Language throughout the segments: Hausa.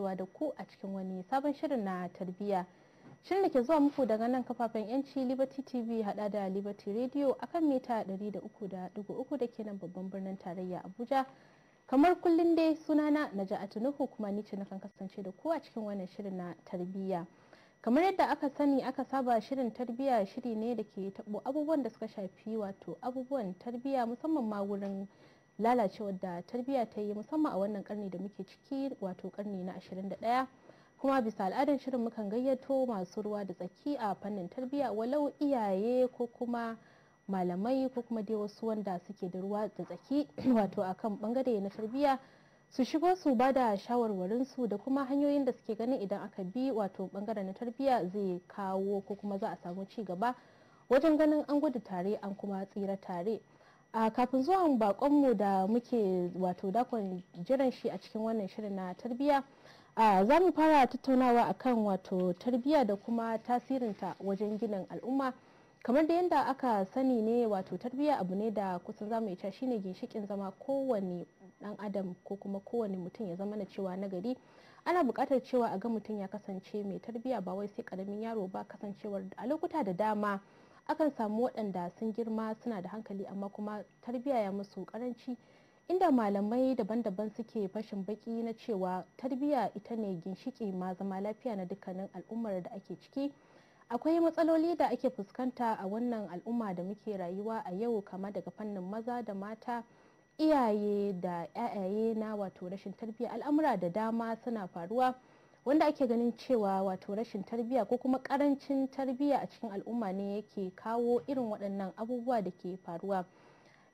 kasancewa da ku a cikin wani sabon shirin na tarbiyya. Shirin da ke zuwa muku daga nan kafafen yanci Liberty TV hada da Liberty Radio akan mita ɗari da ke nan babban birnin tarayya Abuja. Kamar kullum dai sunana na Naja Atunuhu kuma ni ce nakan kasance da ku a cikin wannan shirin na tarbiyya. Kamar yadda aka sani aka saba shirin tarbiyya shiri ne da ke tabo abubuwan da suka shafi wato abubuwan tarbiyya musamman ma wurin lalacewar da tarbiyya ta yi musamman a wannan karni da muke ciki wato karni na 21 kuma bisa al'adar shirin mukan gayyato masu ruwa da tsaki a fannin tarbiyya walau iyaye ko kuma malamai ko kuma dai wasu wanda suke da ruwa da tsaki wato akan bangare na tarbiyya su shigo su ba da shawarwarin su da kuma hanyoyin da suke ganin idan aka bi wato bangare na tarbiyya zai kawo ko kuma za a samu ci gaba wajen ganin an gudu tare an kuma tsira tare a kafin zuwan bakonmu da muke wato dakon jiran shi a cikin wannan shirin na tarbiyya za mu fara tattaunawa akan wato tarbiyya da kuma tasirinta wajen ginin al'umma kamar da yadda aka sani ne wato tarbiyya abu ne da kusan za mu yi shi ne ginshikin zama kowane dan adam ko kuma kowane mutum ya zama na cewa nagari ana bukatar cewa a ga mutum ya kasance mai tarbiyya ba wai sai karamin yaro ba kasancewar a lokuta da dama akan samu waɗanda sun girma suna da hankali amma kuma tarbiyya ya musu karanci inda malamai daban-daban suke fashin baki na cewa tarbiyya ita ne ginshiki ma zama lafiya na dukkanin al'ummar da ake ciki akwai matsaloli da ake fuskanta a wannan al'umma da muke rayuwa a yau kama daga fannin maza da mata iyaye da 'ya'yaye na wato rashin tarbiyya al'amura da dama suna faruwa wanda ake ganin cewa wato rashin tarbiyya ko kuma karancin tarbiyya a cikin al'umma ne yake kawo irin waɗannan abubuwa da ke faruwa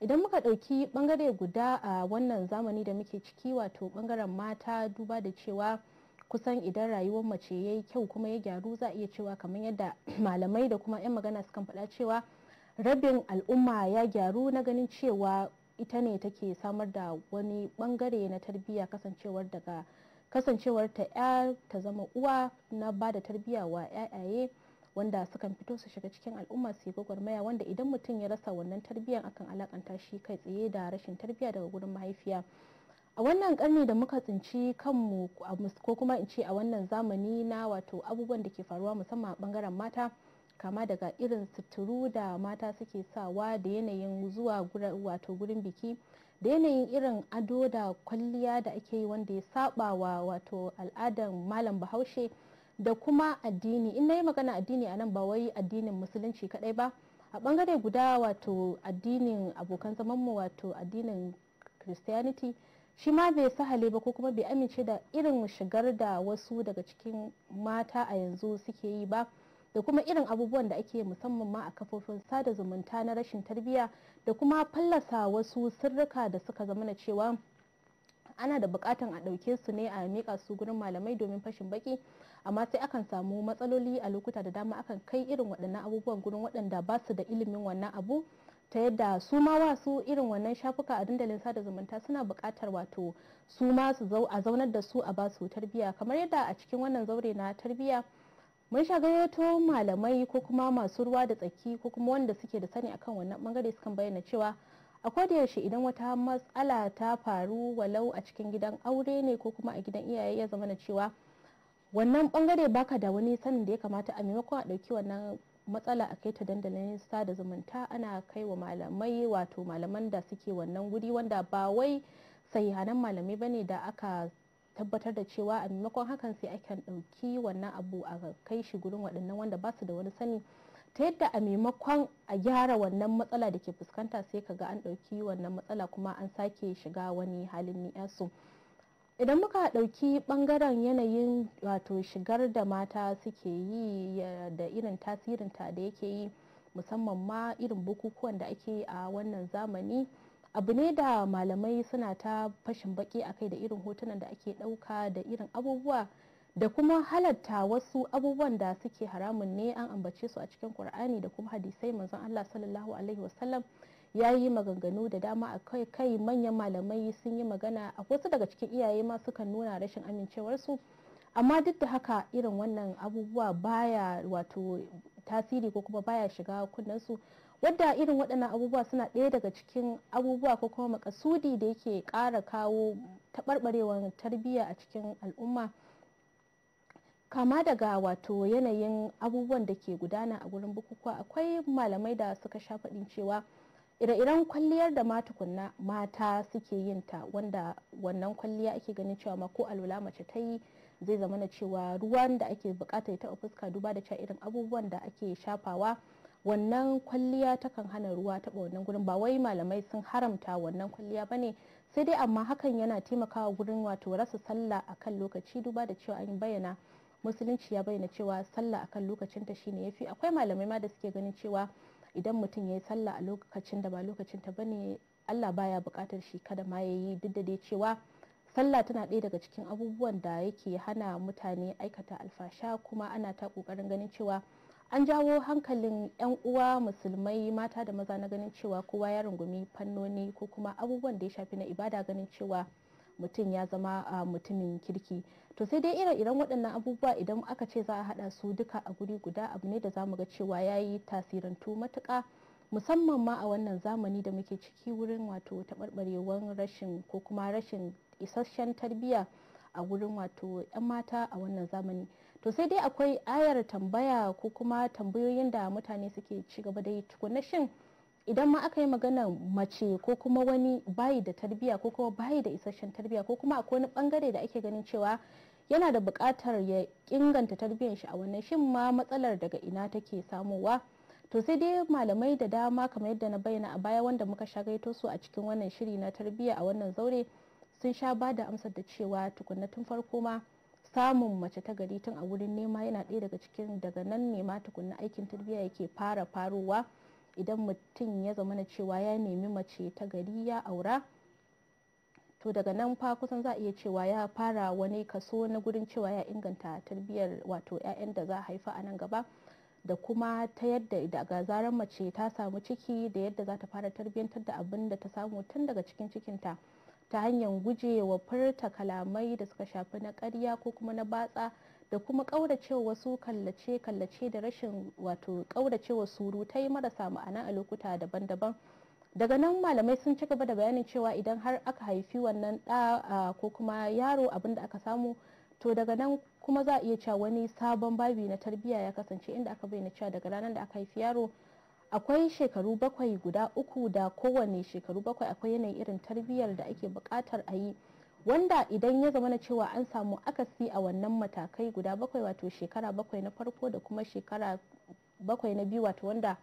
idan muka ɗauki ɓangare guda a wannan zamani da muke ciki wato ɓangaren mata duba da cewa kusan idan rayuwar mace ya yi kyau kuma ya gyaru za a iya cewa kamar yadda malamai da kuma 'yan magana sukan faɗa cewa rabin al'umma ya gyaru na ganin cewa ita ne take samar da wani ɓangare na tarbiyya kasancewar daga kasancewar ta ya ta zama uwa na ba da tarbiyya wa 'ya'yaye wanda sukan fito su shiga cikin al'umma su yi gwagwarmaya wanda idan mutum ya rasa wannan tarbiyyar akan alakanta shi kai tsaye da rashin tarbiyya daga gurin mahaifiya a wannan karni da muka tsinci kanmu ko kuma in ce a wannan zamani na wato abubuwan da ke faruwa musamman a bangaren mata kama daga irin suturu da mata suke sawa da yanayin zuwa wato gurin biki da yanayin irin ado da kwalliya da ake yi wanda ya saba wa wato al'adar malam bahaushe da kuma addini in na yi magana addini a nan ba wai addinin musulunci kadai ba a bangare guda wato addinin abokan zamanmu wato addinin christianity shi ma bai sahale ba ko kuma bai amince da irin shigar da wasu daga cikin mata a yanzu suke yi ba da kuma irin abubuwan da ake musamman ma a kafofin sada zumunta na rashin tarbiyya da kuma fallasa wasu sirrika da suka zama na cewa ana da bukatan a ɗauke su ne a miƙa su gurin malamai domin fashin baki amma sai akan samu matsaloli a lokuta da dama akan kai irin waɗannan abubuwan gurin waɗanda ba su da ilimin wannan abu ta yadda su ma wasu irin wannan shafuka a dandalin sada zumunta suna bukatar wato su ma su a zaunar da su a ba su tarbiyya kamar yadda a cikin wannan zaure na tarbiyya mun sha gayyato malamai ko kuma masu ruwa da tsaki ko kuma wanda suke da sani akan wannan bangare sukan bayyana cewa a yaushe idan wata matsala ta faru walau a cikin gidan aure ne ko kuma a gidan iyaye ya zama na cewa wannan bangare baka da wani sanin da ya kamata a maimakon a ɗauki wannan matsala a kai ta dandalin da zumunta ana kai wa malamai wato malaman da suke wannan guri wanda ba wai sahihanan malamai bane da aka tabbatar da cewa a maimakon hakan sai kan ɗauki wannan abu a kai shi gurin waɗannan wanda ba su da wani sani ta yadda a maimakon a gyara wannan matsala da ke fuskanta sai ka ga an ɗauki wannan matsala kuma an sake shiga wani halin ni'yasu idan muka ɗauki ɓangaren yanayin wato shigar da mata suke yi da irin tasirinta da yake yi musamman ma irin bukukuwan da ake yi a wannan zamani abu ne da malamai suna ta fashin baki a kai da irin hotunan da ake ɗauka da irin abubuwa da kuma halatta wasu abubuwan da suke haramun ne an ambace su a cikin Ƙur'ani da kuma hadisai manzon Allah sallallahu alaihi wasallam ya yi maganganu da dama a kai kai manyan malamai sun yi magana a wasu daga cikin iyaye ma sukan nuna rashin amincewarsu amma duk da haka irin wannan abubuwa baya wato tasiri ko kuma baya shiga kunnensu wadda irin waɗannan abubuwa suna ɗaya daga cikin abubuwa ko kuma makasudi da yake ƙara kawo taɓarɓarewar tarbiyya a cikin al'umma kama daga wato yanayin abubuwan da ke gudana a gurin bukukuwa akwai malamai da suka sha faɗin cewa ire-iren kwalliyar da ma tukunna mata suke yin ta wanda wannan kwalliya ake ganin cewa ma ko alula mace ta yi zai zama na cewa ruwan da ake bukata ya taɓa fuska duba da cewa irin abubuwan da ake shafawa wannan kwalliya takan hana ruwa taɓa wannan gurin ba wai malamai sun haramta wannan kwalliya ba ne sai dai amma hakan yana taimakawa gurin wato rasa sallah akan lokaci duba da cewa an bayyana musulunci ya bayyana cewa sallah akan lokacinta shine yafi akwai malamai ma da suke ganin cewa idan mutum ya yi sallah a lokacin da ba lokacin ta ne Allah baya buƙatar shi kada ma ya yi duk da dai cewa sallah tana ɗaya daga cikin abubuwan da yake hana mutane aikata alfasha kuma ana ta ƙoƙarin ganin cewa an jawo hankalin 'yan uwa musulmai mata da maza na ganin cewa kowa ya rungumi fannoni ko kuma abubuwan da ya shafi na ibada ganin cewa mutum ya zama a mutumin kirki to sai dai irin iren waɗannan abubuwa idan aka ce za a haɗa su duka a guri guda abu ne da zamu ga cewa ya yi tasirantu matuka musamman ma a wannan zamani da muke ciki wurin wato taɓarɓarewar rashin ko kuma rashin isasshen tarbiyya a wurin wato 'yan mata a wannan zamani to sai dai akwai ayar tambaya ko kuma tambayoyin da mutane suke ci gaba da yi tukuna shin idan ma aka yi magana mace ko kuma wani bayi da tarbiya ko kuma bayi da isasshen tarbiya ko kuma akwai wani bangare da ake ganin cewa yana da buƙatar ya inganta tarbiyyar shi a wannan shin ma matsalar daga ina take samowa to sai dai malamai da dama kamar yadda na bayyana a baya wanda muka sha gaito su a cikin wannan shiri na tarbiyya a wannan zaure sun sha ba da amsar da cewa tukunna tun farko ma samun mace ta gari tun a wurin nema yana ɗaya daga cikin daga nan ne ma tukunna aikin tarbiyya yake fara farowa idan mutum ya zama na cewa ya nemi mace ta gari ya aura to daga nan fa kusan za a iya cewa ya fara wani kaso na gurin cewa ya inganta tarbiyyar wato 'ya'yan da za a haifa a nan gaba da kuma ta yadda daga zarar mace ta samu ciki da yadda za ta fara tarbiyyantar da abin da ta samu tun daga cikin cikinta. ta hanyar gujewa furta kalamai da suka shafi na karya ko kuma na batsa da kuma ƙauracewa wasu kallace-kallace da rashin wato ƙauracewa surutai marasa ma'ana a lokuta daban-daban daga nan malamai sun ci gaba da bayanin cewa idan har aka haifi wannan ɗa ko kuma yaro abin da aka samu to daga nan kuma za a iya cewa wani sabon babi na tarbiyya ya kasance inda aka bayyana cewa daga ranar da aka haifi yaro akwai shekaru bakwai guda uku da kowane shekaru bakwai akwai yanayi irin tarbiyyar da ake bukatar a yi wanda idan ya zama na cewa an samu akasi a wannan matakai guda bakwai wato shekara bakwai na farko da kuma shekara bakwai na biyu wato wanda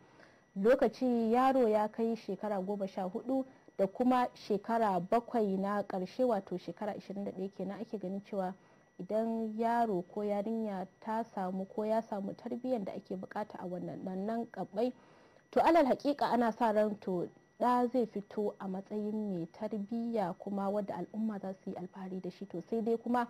lokaci yaro ya kai shekara goma sha hudu da kuma shekara bakwai na karshe wato shekara 21 kenan ake ganin cewa idan yaro ko yarinya ta samu ko ya samu tarbiyyar da ake bukata a wannan kabbai to alal hakika ana sa ran to da zai fito a matsayin mai tarbiyya kuma wadda al'umma za su yi alfahari da shi to sai dai kuma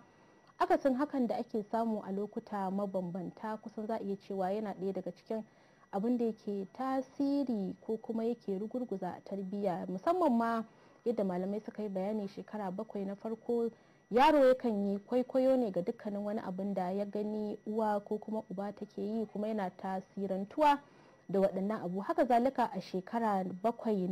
akasin hakan da ake samu a lokuta mabambanta kusan za a iya cewa yana ɗaya daga cikin abin da yake tasiri ko kuma yake rugurguza tarbiyya musamman ma yadda malamai suka yi bayani shekara bakwai na farko yaro yakan yi kwaikwayo ne ga dukkanin wani abin da ya gani uwa ko kuma uba take yi kuma yana tasirantuwa da waɗannan abu haka zalika a shekara bakwai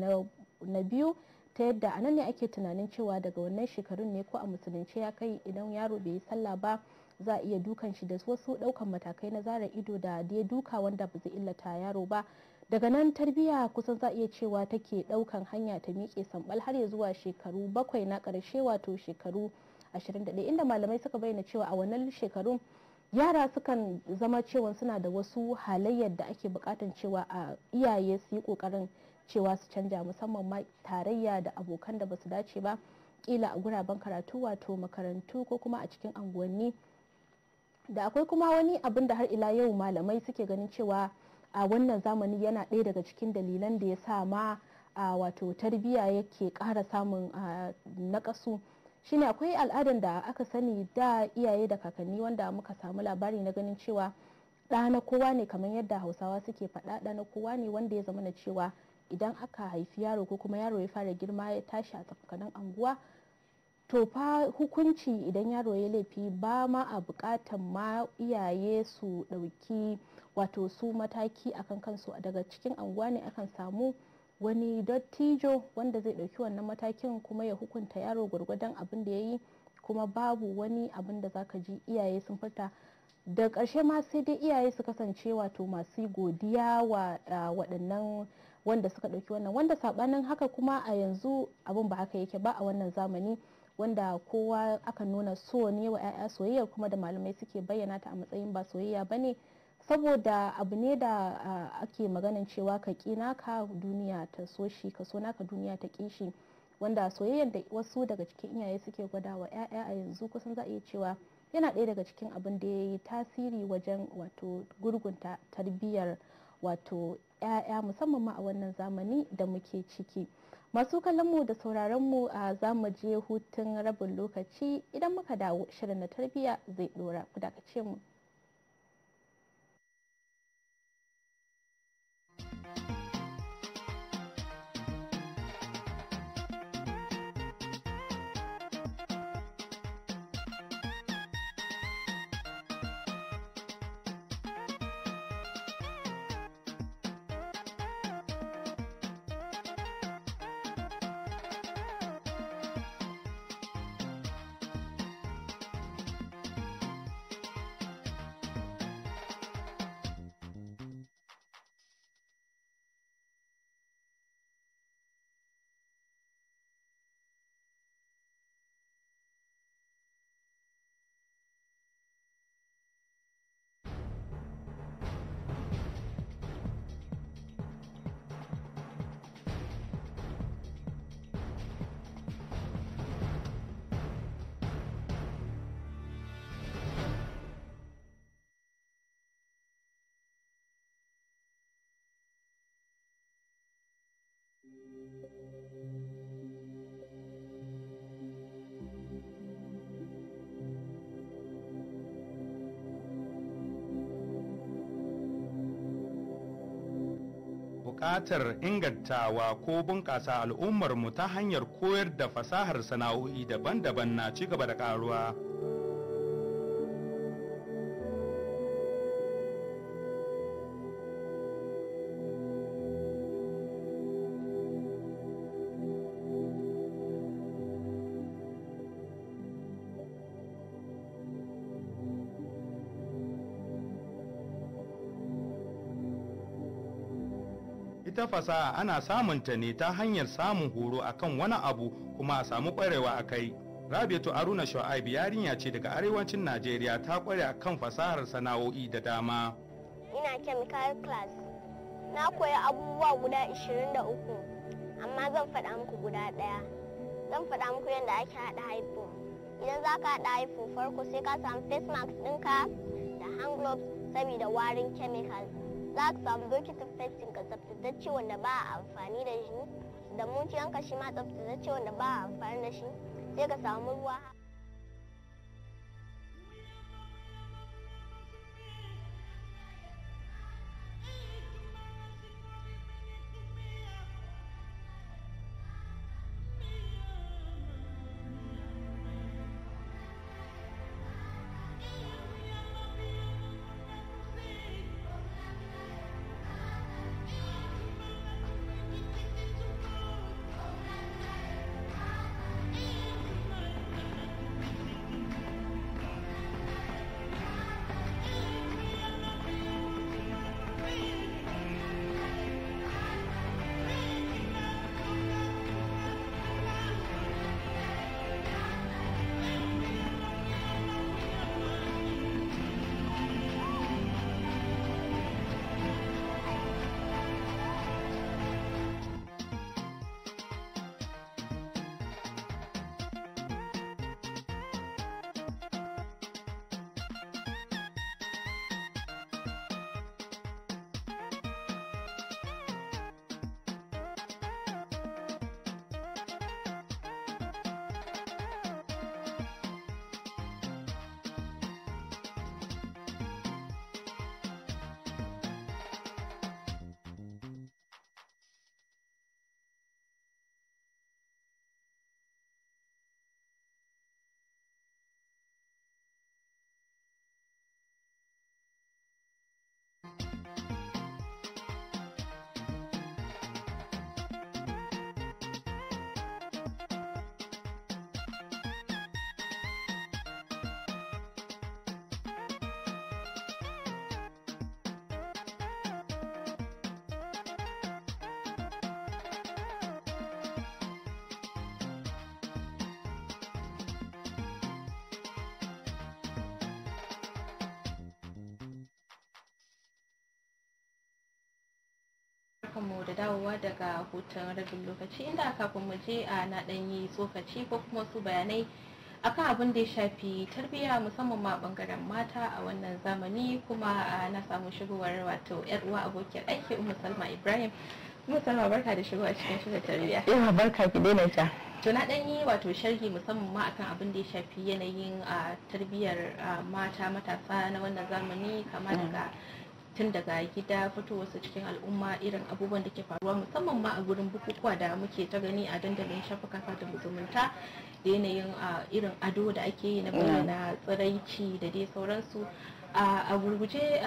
na biyu ta yadda a nan ne ake tunanin cewa daga wannan shekarun ne ko a musulunci ya kai idan yaro bai yi sallah ba za a iya dukan shi da wasu ɗaukan matakai na zara ido da dai duka wanda ba zai illata yaro ba daga nan tarbiyya kusan za a iya cewa take ɗaukan hanya ta miƙe sambal har ya zuwa shekaru bakwai na ƙarshe wato shekaru 21 inda malamai suka bayyana cewa a wannan shekarun yara sukan zama cewa suna da wasu halayyar da ake bukatan cewa a iyaye su yi kokarin cewa su canja musamman ma tarayya da abokan da basu dace ba kila a guraben karatu wato makarantu ko kuma a cikin anguwanni da akwai kuma wani abin da har ila yau malamai suke ganin cewa a wannan zamani yana ɗaya daga cikin dalilan da ya sa ma a wato tarbiyya yake ƙara samun nakasu shine akwai al'adar da aka sani da iyaye da kakanni wanda muka samu labari na ganin cewa ɗa na kowa ne kamar yadda hausawa suke faɗa ɗa na kowa ne wanda ya zama na cewa idan aka haifi yaro ko kuma yaro ya fara girma ya tashi a tsakanin anguwa to fa hukunci idan yaro ya laifi ba ma a bukatan ma iyaye su ɗauki wato su mataki akan kansu daga cikin anguwa ne akan samu wani dattijo wanda zai ɗauki wannan matakin kuma ya hukunta yaro gwargwadon abin da ya yi kuma babu wani abin da zaka ji iyaye sun furta da ƙarshe ma sai dai iyaye su kasance wato masu godiya wa waɗannan wanda suka ɗauki wannan wanda saɓanin haka kuma a yanzu abin ba haka yake ba a wannan zamani wanda kowa aka nuna so ne wa 'ya'ya soyayya kuma da malamai suke bayyana ta a matsayin ba soyayya ba ne saboda abu ne da ake maganan cewa ka ƙi naka duniya ta so shi ka so naka duniya ta ƙi shi wanda soyayyar da wasu daga cikin iyaye suke gwada wa 'ya'ya a yanzu kusan za a iya cewa yana ɗaya daga cikin abin da ya yi tasiri wajen wato gurgunta tarbiyyar wato 'ya'ya musamman ma a wannan zamani da muke ciki masu kallonmu da sauraronmu a zamu je hutun rabin lokaci idan muka dawo shirin na tarbiyya zai ɗora ku dakace mu buƙatar ingantawa ko bunƙasa al'ummarmu ta hanyar koyar da fasahar sana'o'i daban-daban na cigaba da ƙaruwa. ita fasaha ana samun ta ne ta hanyar samun horo akan wani abu kuma a samu kwarewa a kai rabiatu aruna shu'aibu yarinya ce daga arewacin najeriya ta kware akan fasahar sana'o'i da dama ina chemical class na koya abubuwa guda 23 amma zan faɗa muku guda ɗaya zan faɗa muku yadda ake haɗa haifo idan za ka haɗa haifo farko sai ka samu face mask ɗinka da hand gloves saboda warin chemicals za ka samu bokitin festin ka tsaftatacce wanda ba a amfani da shi da mun an shi ma tsaftatacce wanda ba a amfani da shi sai ka samu ruwa barkan mu da dawowa daga hutun rabin lokaci inda kafin mu je a na ɗan yi tsokaci ko kuma su bayanai akan abin da ya shafi tarbiyya musamman ma bangaren mata a wannan zamani kuma na samu shigowar wato yar uwa abokiyar aiki umu salma ibrahim umu salma barka da shigowa cikin shirin tarbiyya yawa barka ki daina ta to na dan yi wato sharhi musamman ma akan abin da ya shafi yanayin tarbiyyar mata matasa na wannan zamani kama daga tun daga gida wasu cikin al'umma irin abubuwan da ke faruwa musamman ma a gurin bukukuwa da muke ta gani a dandalin shafukan da zumunta da yanayin irin ado da ake yi na mm. bayyana tsiraici da dai sauransu a gurguje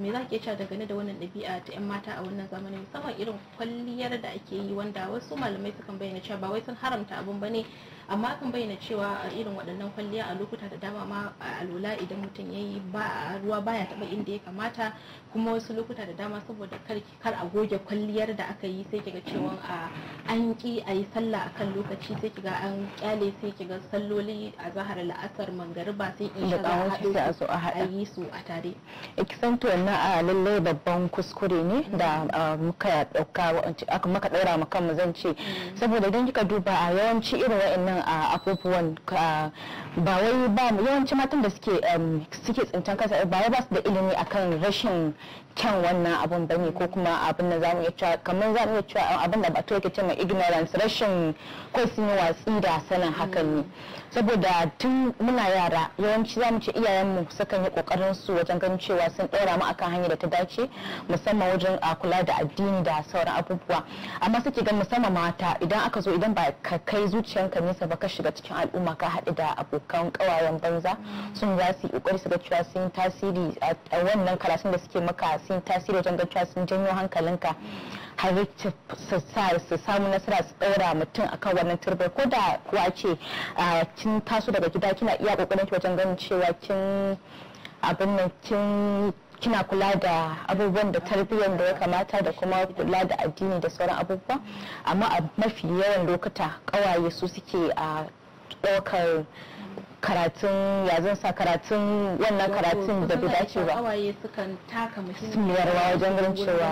me za ke cewa dangane da wannan ɗabi'a ta 'yan mata a wannan zamanin musamman irin kwalliyar da ake yi wanda wasu malamai sukan bayyana cewa ba wai sun haramta abin ba ne amma kan bayyana cewa irin waɗannan kwalliya a lokuta da dama ma a lola idan mutum ya yi ruwa baya taɓa inda ya kamata kuma wasu lokuta da dama saboda kar a goge kwalliyar da aka yi sai kiga cewa an ki a yi sallah a kan lokaci sai kiga an kyale sai kiga salloli a zahar la'asar mangariba sai in shaga a yi su a tare. Ikisanto na a lallai babban kuskure ne da muka ɗauka aka maka ɗaura mu kanmu zan ce mm. saboda idan kika duba a yawanci irin wa'annan waɗannan ah, ah, ba wai ba yawanci matan da suke um, suke tsintan kansa eh, ba wai ba su da ilimi akan rashin kyan wannan abun ba ne ko kuma abin da za mu iya cewa kamar za mu iya cewa abin da ba to yake cewa ignorance rashin kwai sun yi watsi da sanin hakan ne saboda tun muna yara yawanci za mu ce iyayenmu sukan yi kokarin su wajen ganin cewa sun ɗora mu akan hanyar da ta dace musamman wajen kula da addini da sauran abubuwa amma suke gan musamman mata idan aka zo idan ba ka kai zuciyanka nesa ba ka shiga cikin al'umma ka haɗu da abokan ƙawayen banza sun za su yi kokari su ga cewa sun tasiri a wannan karatun da suke maka sun tasiri wajen ga cewa sun janyo hankalinka halittar su samu nasara su ɗaura mutum akan wannan turbar ko da kuwa ce kin taso daga gida kina iya kokarin ki wajen ganin cewa kin abin nan kin kina kula da abubuwan da tarbiyyar da ya kamata da kuma kula da addini da sauran abubuwa amma a mafi yawan lokuta ƙawaye su suke a ɗaukar karatun ya zan sa karatun wannan karatun da bai dace ba awaye sukan taka muhimmiyar rawa wajen ganin cewa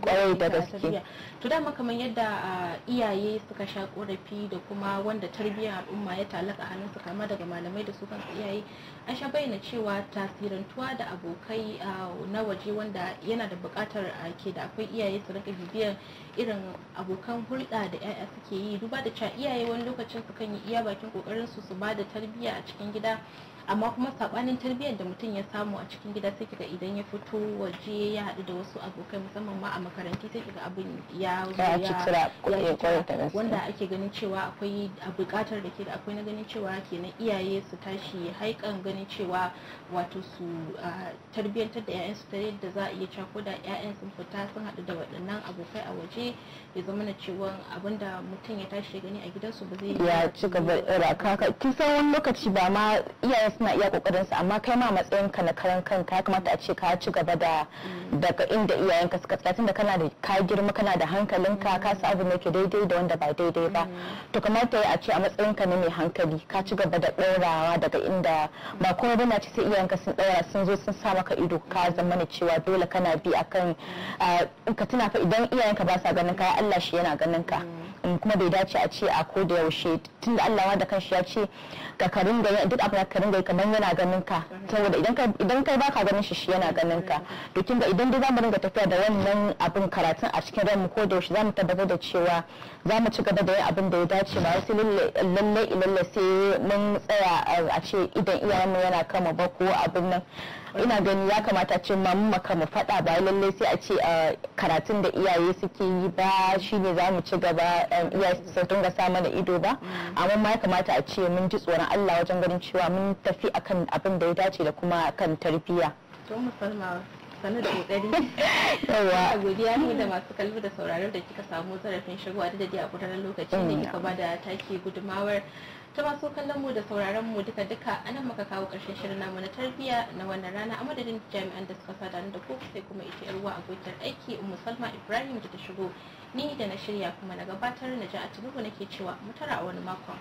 kwarai da gaske to dama kamar yadda iyaye suka sha korafi da kuma wanda tarbiyyar al'umma ya talaka hannun su kama daga malamai da su kansu iyaye an sha bayyana cewa tasirantuwa da abokai na waje wanda yana da bukatar ke da akwai iyaye su rika bibiyar irin abokan hulɗa da 'ya'ya suke yi duba da cewa iyaye wani lokacin sukan yi iya bakin kokarin su su ba da tarbiyya a cikin gida amma kuma sabanin tarbiyyar da mutum ya samu a cikin gida sai kiga idan ya fito waje ya haɗu da wasu abokai musamman ma a makaranti sai kiga abin ya ya eh, wanda ake ganin cewa akwai a buƙatar da ke da akwai na ganin cewa kenan iyaye su tashi haikan ganin cewa wato su tarbiyyantar da 'ya'yan su ta yadda za a iya cako da 'ya'yan sun fita sun haɗu da waɗannan abokai a waje ya zama na cewa abinda mutum ya tashi ya gani a gidansu ba zai ya ci gaba da kaka kisan wani lokaci ba ma iyayen suna iya kokarin su amma kai ma matsayin ka na karan kanka ya kamata a ce ka ci gaba da daga inda iyayenka suka tsaya tunda kana da ka girma kana da hankalinka ka sa abin da ke daidai da wanda ba daidai ba to kamata a ce a matsayin ka na mai hankali ka ci gaba da ɗaurawa daga inda ba kuma bana ce sai iyayenka sun daura sun zo sun sa maka ido ka zama ne cewa dole kana bi akan ka tuna fa idan iyayenka ba sa ganin ka Allah shi yana ganin ka kuma bai dace a ce a ko da yaushe tunda Allah da kanshi ya ce ka karin da duk abin da karin da kamar yana ganin ka saboda idan kai baka ganin shi shi yana ganin ka to kin ga idan dai zamu ringa tafiya da wannan abin karatun a cikin ranmu ko da yaushe zamu tabbatar da cewa zamu ci gaba da yin abin da ya dace ba sai lalle lalle sai mun tsaya a ce idan iyayenmu yana kama ba ko abin nan ina gani ya kamata ce ma mu maka mu faɗa ba lallai sai a ce ah, karatun da iyaye suke yi ba shine za mu ci gaba um, iyaye su dinga sa mana ido ba mm. amma ma ya kamata a ce mun ji tsoron Allah wajen ganin cewa mun tafi akan abin da ya dace da kuma kan tarbiyya. sanu da kokari yawa godiya ne da masu kallo da sauraron da kika samu zarafin shigo a dadi a gudanar lokaci ne kika ba da take gudumawar ta masu kallon mu da sauraron mu duka duka nan muka kawo karshen shirin namu na tarbiyya na wannan rana a madadin jami'an da suka sada da ku sai kuma ita yar uwa abokiyar aiki musalma ibrahim da ta shigo ni da na shirya kuma na gabatar na ja a tunubu nake cewa mutara a wani makon